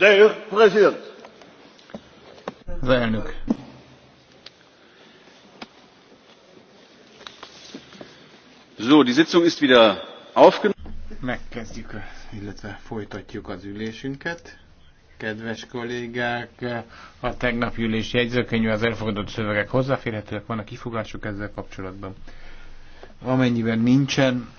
Az elnök. Megkezdjük, illetve folytatjuk az ülésünket. Kedves kollégák, a tegnap ülés jegyzőkönyve az elfogadott szövegek hozzáférhetőek, vannak kifogások ezzel kapcsolatban. Amennyiben nincsen,